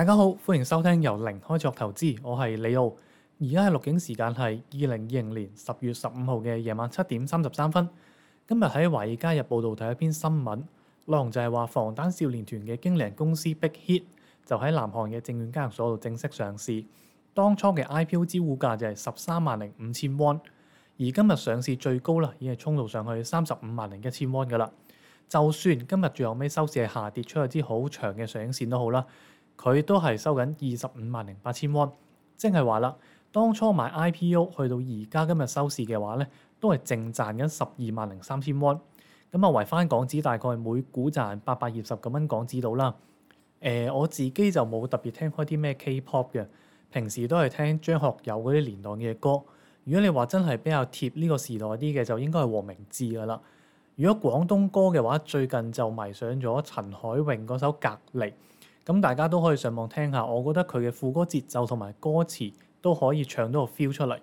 大家好，歡迎收聽由零開始投資，我係李奧。而家嘅錄影時間係二零二零年十月十五號嘅夜晚七點三十三分。今日喺華爾街日報度睇一篇新聞，內容就係話防彈少年團嘅經理人公司 Big Hit 就喺南韓嘅證券交易所度正式上市。當初嘅 IPO 支股價就係十三萬零五千 won，而今日上市最高啦，已經係衝到上去三十五萬零一千 won 噶啦。就算今日最後尾收市係下跌出去支好長嘅上影線都好啦。佢都係收緊二十五萬零八千 won，即係話啦，當初買 IPO 去到而家今日收市嘅話咧，都係淨賺緊十二萬零三千 won，咁啊，為返港紙大概每股賺八百二十幾蚊港紙度啦。誒、呃，我自己就冇特別聽開啲咩 K-pop 嘅，平時都係聽張學友嗰啲年代嘅歌。如果你話真係比較貼呢個時代啲嘅，就應該係黃明志㗎啦。如果廣東歌嘅話，最近就迷上咗陳凱詠嗰首《隔離》。咁大家都可以上網聽下，我覺得佢嘅副歌節奏同埋歌詞都可以唱到個 feel 出嚟。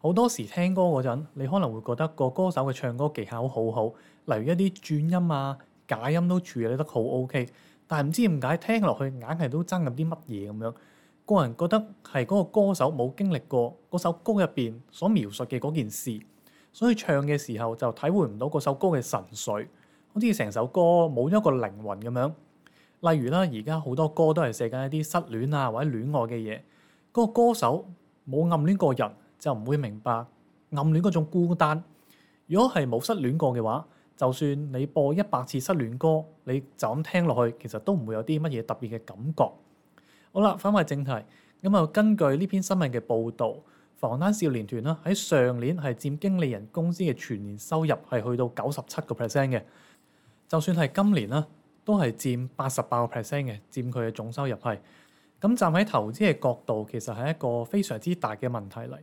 好多時聽歌嗰陣，你可能會覺得個歌手嘅唱歌技巧好好，例如一啲轉音啊、假音都處理得好 OK 但，但係唔知點解聽落去硬係都爭入啲乜嘢咁樣。個人覺得係嗰個歌手冇經歷過嗰首歌入邊所描述嘅嗰件事，所以唱嘅時候就體會唔到嗰首歌嘅神髓，好似成首歌冇咗一個靈魂咁樣。例如啦，而家好多歌都係寫緊一啲失戀啊或者戀愛嘅嘢，嗰個歌手冇暗戀過人就唔會明白暗戀嗰種孤單。如果係冇失戀過嘅話，就算你播一百次失戀歌，你就咁聽落去，其實都唔會有啲乜嘢特別嘅感覺。好啦，返埋正題，咁啊，根據呢篇新聞嘅報導，防彈少年團啦，喺上年係佔經理人公司嘅全年收入係去到九十七個 percent 嘅，就算係今年啦。都係佔八十八個 percent 嘅，佔佢嘅總收入係。咁站喺投資嘅角度，其實係一個非常之大嘅問題嚟。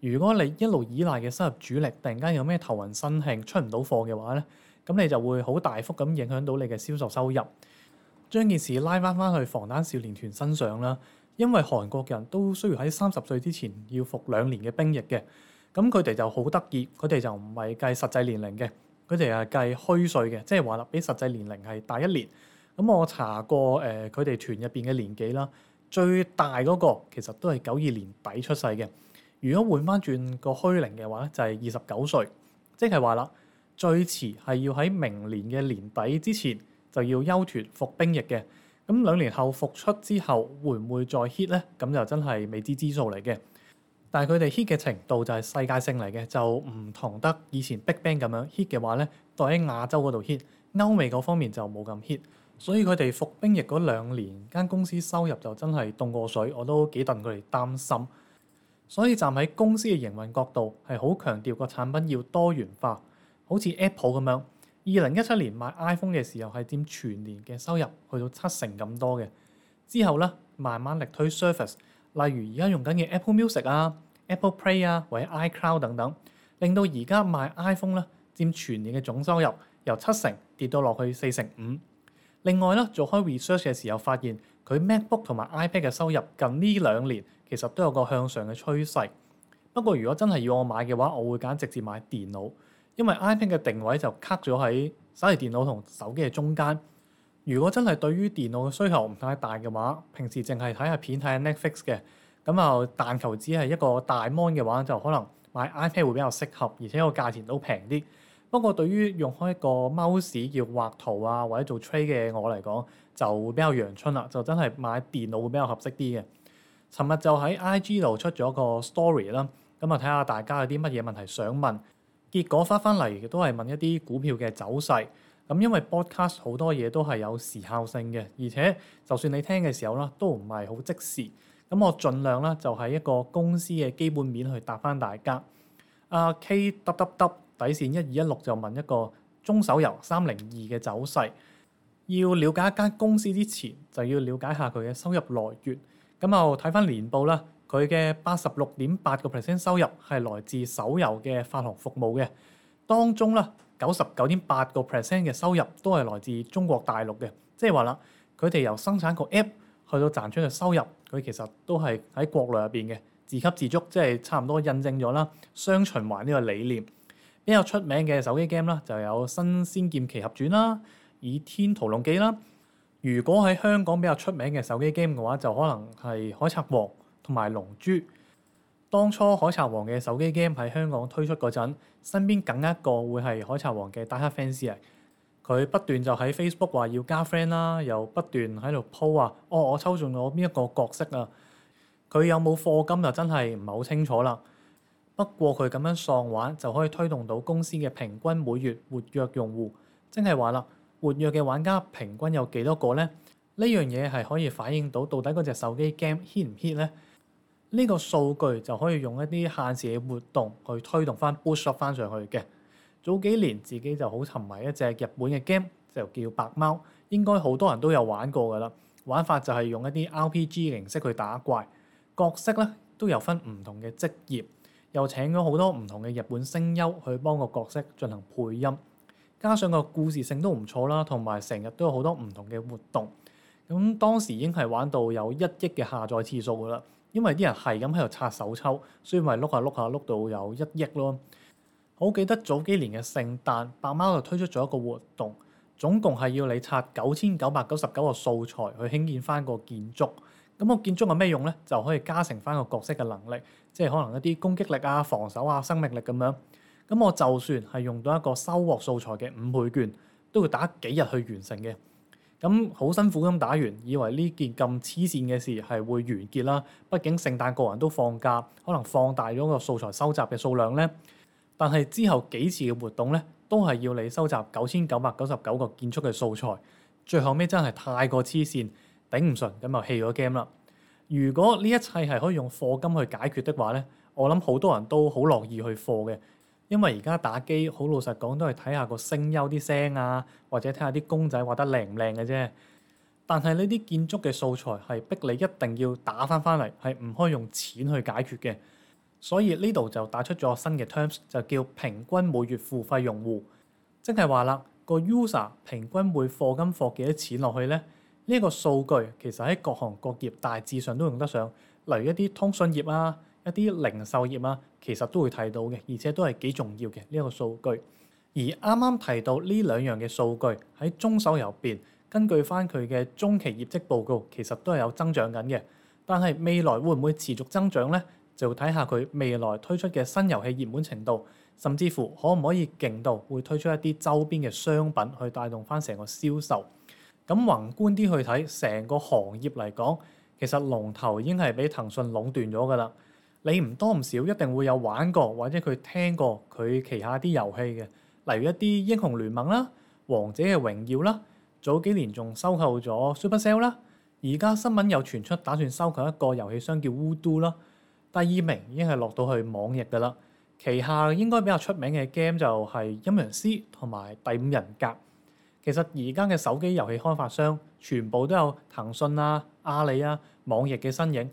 如果你一路依賴嘅收入主力，突然間有咩頭暈身慶出唔到貨嘅話咧，咁你就會好大幅咁影響到你嘅銷售收入。將件事拉翻翻去防彈少年團身上啦，因為韓國人都需要喺三十歲之前要服兩年嘅兵役嘅，咁佢哋就好得意，佢哋就唔係計實際年齡嘅。佢哋係計虛歲嘅，即係話啦，比實際年齡係大一年。咁我查過誒，佢哋團入邊嘅年紀啦，最大嗰個其實都係九二年底出世嘅。如果換翻轉個虛齡嘅話咧，就係二十九歲，即係話啦，最遲係要喺明年嘅年底之前就要休團服兵役嘅。咁兩年後復出之後，會唔會再 hit 咧？咁就真係未知之數嚟嘅。但係佢哋 hit 嘅程度就係世界性嚟嘅，就唔同得以前 BigBang 咁樣 hit 嘅話咧，代喺亞洲嗰度 hit，歐美嗰方面就冇咁 hit，所以佢哋服兵役嗰兩年間公司收入就真係凍過水，我都幾戥佢哋擔心。所以站喺公司嘅營運角度係好強調個產品要多元化，好似 Apple 咁樣，二零一七年賣 iPhone 嘅時候係佔全年嘅收入去到七成咁多嘅，之後咧慢慢力推 Service。例如而家用緊嘅 Apple Music 啊、Apple Play 啊或者 iCloud 等等，令到而家賣 iPhone 咧佔全年嘅總收入由七成跌到落去四成五。另外咧做開 research 嘅時候發現，佢 MacBook 同埋 iPad 嘅收入近呢兩年其實都有個向上嘅趨勢。不過如果真係要我買嘅話，我會揀直接買電腦，因為 iPad 嘅定位就 cut 咗喺手提電腦同手機嘅中間。如果真係對於電腦嘅需求唔太大嘅話，平時淨係睇下片睇下 Netflix 嘅，咁啊但求只係一個大 mon 嘅話，就可能買 iPad 會比較適合，而且個價錢都平啲。不過對於用開一個 mouse 要畫圖啊或者做 trade 嘅我嚟講，就會比較陽春啦，就真係買電腦會比較合適啲嘅。尋日就喺 IG 度出咗個 story 啦，咁啊睇下大家有啲乜嘢問題想問，結果翻翻嚟都係問一啲股票嘅走勢。咁因為 broadcast 好多嘢都係有時效性嘅，而且就算你聽嘅時候啦，都唔係好即時。咁我盡量啦，就喺一個公司嘅基本面去答翻大家。阿、uh, K dot dot dot 底線一二一六就問一個中手遊三零二嘅走勢。要了解一間公司之前，就要了解下佢嘅收入來源。咁我睇翻年報啦，佢嘅八十六點八個 percent 收入係來自手遊嘅發行服務嘅，當中啦。九十九點八個 percent 嘅收入都係來自中國大陸嘅，即係話啦，佢哋由生產個 app 去到賺出嘅收入，佢其實都係喺國內入邊嘅，自給自足，即係差唔多印證咗啦，雙循環呢個理念。比較出名嘅手機 game 啦，就有《新仙劍奇俠傳》啦，《倚天屠龍記》啦。如果喺香港比較出名嘅手機 game 嘅話，就可能係《海賊王》同埋《龍珠》。當初《海賊王》嘅手機 game 喺香港推出嗰陣，身邊緊一個會係《海賊王》嘅 Die 黑 fans 啊！佢不斷就喺 Facebook 話要加 friend 啦，又不斷喺度 po 啊！哦，我抽中咗邊一個角色啊！佢有冇課金就真係唔係好清楚啦。不過佢咁樣喪玩就可以推動到公司嘅平均每月活躍用戶，即係話啦，活躍嘅玩家平均有幾多個咧？呢樣嘢係可以反映到到底嗰隻手機 game hit 唔 hit 咧？呢個數據就可以用一啲限時嘅活動去推動翻 boost up 翻上去嘅。早幾年自己就好沉迷一隻日本嘅 game，就叫白貓，應該好多人都有玩過㗎啦。玩法就係用一啲 RPG 形式去打怪，角色咧都有分唔同嘅職業，又請咗好多唔同嘅日本聲優去幫個角色進行配音，加上個故事性都唔錯啦，同埋成日都有好多唔同嘅活動。咁當時已經係玩到有一億嘅下載次數㗎啦。因為啲人係咁喺度刷手抽，所以咪碌下碌下碌到有一億咯。好記得早幾年嘅聖誕，白貓就推出咗一個活動，總共係要你刷九千九百九十九個素材去興建翻個建築。咁個建築有咩用咧？就可以加成翻個角色嘅能力，即係可能一啲攻擊力啊、防守啊、生命力咁樣。咁我就算係用到一個收穫素材嘅五倍券，都要打幾日去完成嘅。咁好、嗯、辛苦咁打完，以為呢件咁黐線嘅事係會完結啦。畢竟聖誕個人都放假，可能放大咗個素材收集嘅數量咧。但係之後幾次嘅活動咧，都係要你收集九千九百九十九個建築嘅素材。最後尾真係太過黐線，頂唔順，咁就棄咗 game 啦。如果呢一切係可以用課金去解決的話咧，我諗好多人都好樂意去課嘅。因為而家打機，好老實講都係睇下個聲優啲聲啊，或者睇下啲公仔畫得靚唔靚嘅啫。但係呢啲建築嘅素材係逼你一定要打翻翻嚟，係唔可以用錢去解決嘅。所以呢度就打出咗新嘅 terms，就叫平均每月付費用戶，即係話啦，個 user 平均每課金課幾多錢落去咧？呢個數據其實喺各行各業大致上都用得上，例如一啲通訊業啊。一啲零售業啊，其實都會睇到嘅，而且都係幾重要嘅呢一個數據。而啱啱提到呢兩樣嘅數據喺中手游入邊，根據翻佢嘅中期業績報告，其實都係有增長緊嘅。但係未來會唔會持續增長咧？就睇下佢未來推出嘅新遊戲熱門程度，甚至乎可唔可以勁到會推出一啲周邊嘅商品去帶動翻成個銷售。咁宏觀啲去睇成個行業嚟講，其實龍頭已經係俾騰訊壟斷咗㗎啦。你唔多唔少一定會有玩過或者佢聽過佢旗下啲遊戲嘅，例如一啲英雄聯盟啦、王者嘅榮耀啦，早幾年仲收購咗 SuperCell 啦，而家新聞又傳出打算收購一個遊戲商叫 Voodoo 啦。第二名已經係落到去網易㗎啦，旗下應該比較出名嘅 game 就係陰陽師同埋第五人格。其實而家嘅手機遊戲開發商全部都有騰訊啊、阿里啊、網易嘅身影。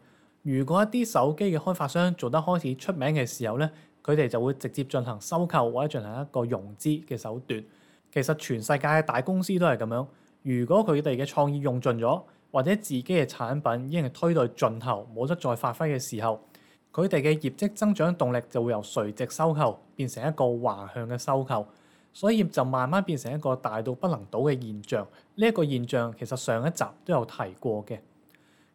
如果一啲手機嘅開發商做得開始出名嘅時候咧，佢哋就會直接進行收購或者進行一個融資嘅手段。其實全世界嘅大公司都係咁樣。如果佢哋嘅創意用盡咗，或者自己嘅產品已經係推到盡頭，冇得再發揮嘅時候，佢哋嘅業績增長動力就會由垂直收購變成一個橫向嘅收購，所以就慢慢變成一個大到不能倒嘅現象。呢一個現象其實上一集都有提過嘅。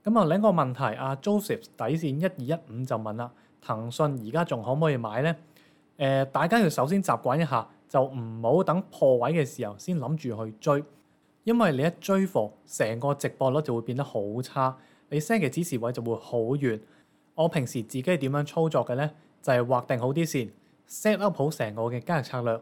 咁啊，另一個問題，阿 Joseph 底線一二一五就問啦，騰訊而家仲可唔可以買呢？誒、呃，大家要首先習慣一下，就唔好等破位嘅時候先諗住去追，因為你一追貨，成個值搏率就會變得好差，你 set 嘅支持位就會好遠。我平時自己係點樣操作嘅呢？就係、是、劃定好啲線，set up 好成個嘅交易策略。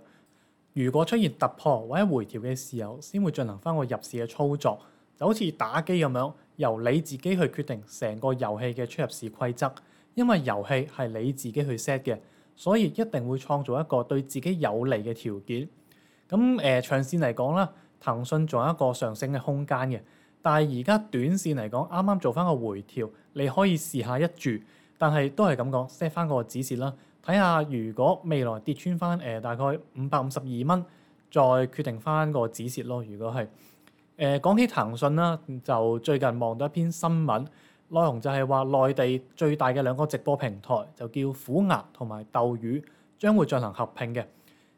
如果出現突破或者回調嘅時候，先會進行翻個入市嘅操作，就好似打機咁樣。由你自己去決定成個遊戲嘅出入市規則，因為遊戲係你自己去 set 嘅，所以一定會創造一個對自己有利嘅條件。咁誒、呃、長線嚟講啦，騰訊仲有一個上升嘅空間嘅，但係而家短線嚟講啱啱做翻個回調，你可以試一下一注。但係都係咁講，set 翻個止蝕啦，睇下如果未來跌穿翻誒大概五百五十二蚊，再決定翻個止蝕咯。如果係。誒講起騰訊啦，就最近望到一篇新聞，內容就係話內地最大嘅兩個直播平台就叫虎牙同埋斗魚，將會進行合併嘅。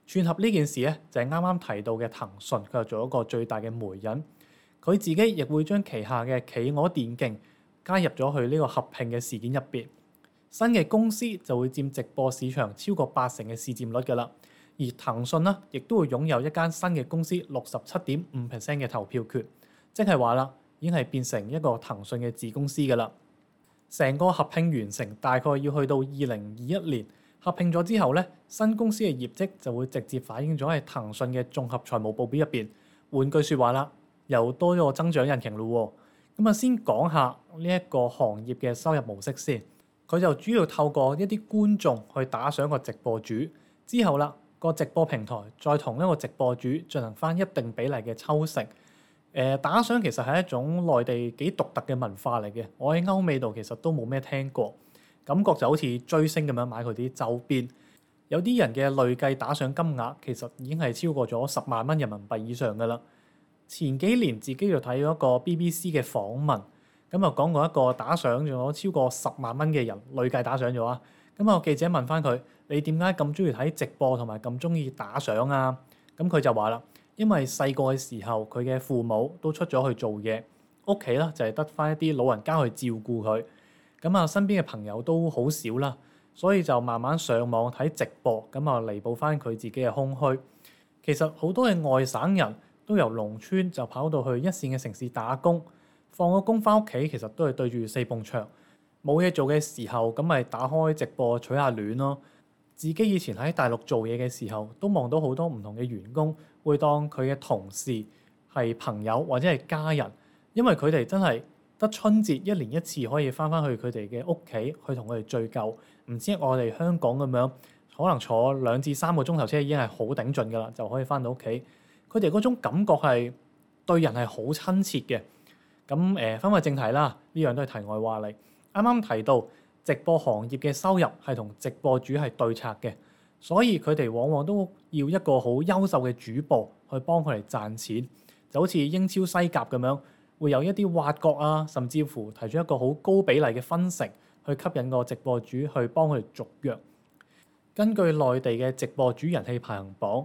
撮合呢件事咧，就係啱啱提到嘅騰訊，佢又做一個最大嘅媒人，佢自己亦會將旗下嘅企鵝電競加入咗去呢個合併嘅事件入邊。新嘅公司就會佔直播市場超過八成嘅市佔率㗎啦。而騰訊咧，亦都會擁有一間新嘅公司六十七點五 percent 嘅投票權，即係話啦，已經係變成一個騰訊嘅子公司㗎啦。成個合併完成，大概要去到二零二一年。合併咗之後咧，新公司嘅業績就會直接反映咗喺騰訊嘅綜合財務報表入邊。換句說話啦，又多咗個增長引擎啦。咁啊，先講下呢一個行業嘅收入模式先。佢就主要透過一啲觀眾去打賞個直播主之後啦。個直播平台再同一個直播主進行翻一定比例嘅抽成，誒、呃、打賞其實係一種內地幾獨特嘅文化嚟嘅，我喺歐美度其實都冇咩聽過，感覺就好似追星咁樣買佢啲周邊，有啲人嘅累計打賞金額其實已經係超過咗十萬蚊人民幣以上㗎啦。前幾年自己就睇咗一個 BBC 嘅訪問，咁啊講過一個打賞咗超過十萬蚊嘅人累計打賞咗啊，咁啊記者問翻佢。你點解咁中意睇直播同埋咁中意打賞啊？咁佢就話啦，因為細個嘅時候佢嘅父母都出咗去做嘢，屋企咧就係得翻一啲老人家去照顧佢，咁啊身邊嘅朋友都好少啦，所以就慢慢上網睇直播，咁啊彌補翻佢自己嘅空虛。其實好多嘅外省人都由農村就跑到去一線嘅城市打工，放咗工翻屋企其實都係對住四埲牆，冇嘢做嘅時候咁咪打開直播取下暖咯。自己以前喺大陸做嘢嘅時候，都望到好多唔同嘅員工會當佢嘅同事係朋友或者係家人，因為佢哋真係得春節一年一次可以翻返去佢哋嘅屋企去同佢哋聚舊。唔知我哋香港咁樣，可能坐兩至三個鐘頭車已經係好頂盡㗎啦，就可以翻到屋企。佢哋嗰種感覺係對人係好親切嘅。咁誒，翻、呃、回正題啦，呢樣都係題外話嚟。啱啱提到。直播行業嘅收入係同直播主係對策嘅，所以佢哋往往都要一個好優秀嘅主播去幫佢哋賺錢，就好似英超、西甲咁樣，會有一啲挖角啊，甚至乎提出一個好高比例嘅分成去吸引個直播主去幫佢哋續約。根據內地嘅直播主人氣排行榜，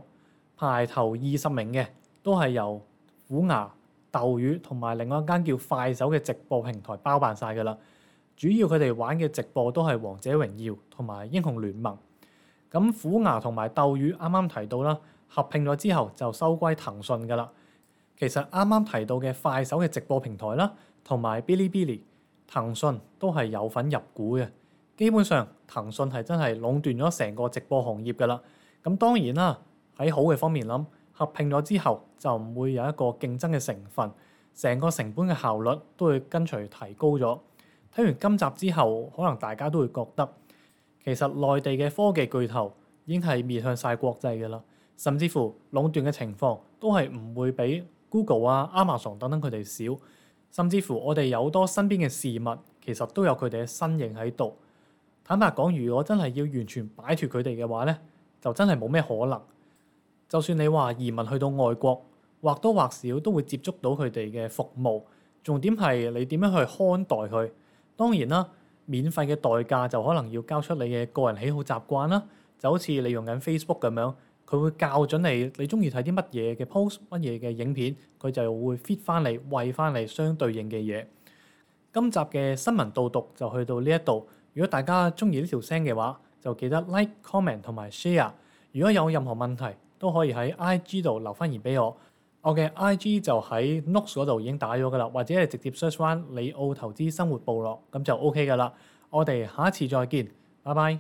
排頭二十名嘅都係由虎牙、鬥魚同埋另外一間叫快手嘅直播平台包辦晒㗎啦。主要佢哋玩嘅直播都係《王者榮耀》同埋《英雄聯盟》。咁虎牙同埋鬥魚啱啱提到啦，合併咗之後就收歸騰訊噶啦。其實啱啱提到嘅快手嘅直播平台啦，同埋 Bilibili、騰訊都係有份入股嘅。基本上騰訊係真係壟斷咗成個直播行業噶啦。咁當然啦，喺好嘅方面諗，合併咗之後就唔會有一個競爭嘅成分，成個成本嘅效率都會跟隨提高咗。睇完今集之後，可能大家都會覺得其實內地嘅科技巨頭已經係面向晒國際嘅啦，甚至乎壟斷嘅情況都係唔會比 Google 啊、Amazon 等等佢哋少。甚至乎我哋有多身邊嘅事物，其實都有佢哋嘅身影喺度。坦白講，如果真係要完全擺脱佢哋嘅話咧，就真係冇咩可能。就算你話移民去到外國，或多或少都會接觸到佢哋嘅服務。重點係你點樣去看待佢。當然啦，免費嘅代價就可能要交出你嘅個人喜好習慣啦，就好似你用緊 Facebook 咁樣，佢會校準你，你中意睇啲乜嘢嘅 post，乜嘢嘅影片，佢就會 fit 翻你，餵翻你相對應嘅嘢。今集嘅新聞導讀就去到呢一度，如果大家中意呢條聲嘅話，就記得 like、comment 同埋 share。如果有任何問題，都可以喺 IG 度留翻言俾我。我嘅、okay, IG 就喺 Notes 嗰度已經打咗噶啦，或者係直接 search 返里奧投資生活部落咁就 OK 噶啦。我哋下一次再見，拜拜。